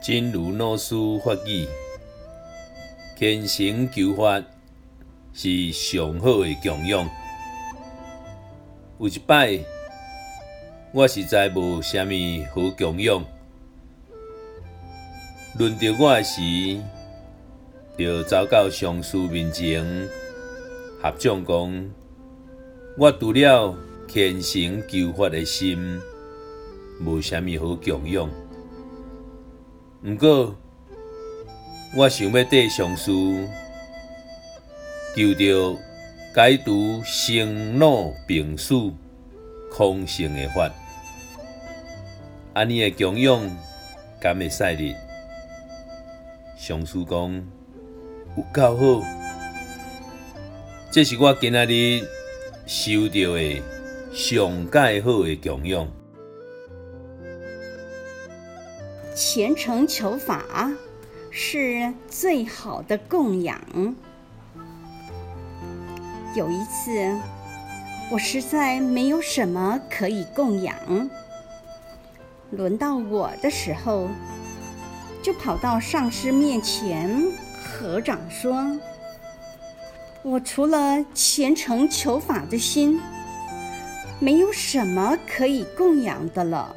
真如老師所言，虔誠求法是上好的供養。有一擺，我實在無蝦米好供養，輪到我的時，就走到上師面前合掌講：我除了虔誠求法的心，無蝦米好供養。唔過，我想要跟上師求着解除生老病死空性的法，安、啊、尼的供養敢會使哩？上師講，有夠好，這是我今仔日收到的上最好的供養。虔誠求法是最好的供養。有一次，我實在沒有什麼可以供養，輪到我的時候，就跑到上師面前合掌說：“我除了虔誠求法的心，沒有什麼可以供養的了。”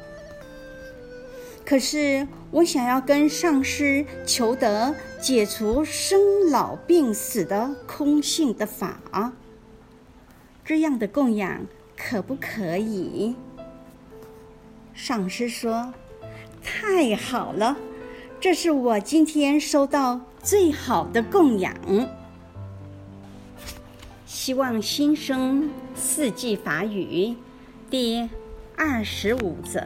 可是我想要跟上師求得解除生老病死的空性的法，這樣的供養可不可以？上師說：“太好了，這是我今天收到最好的供養。”希望新生四季法語，第二十五則。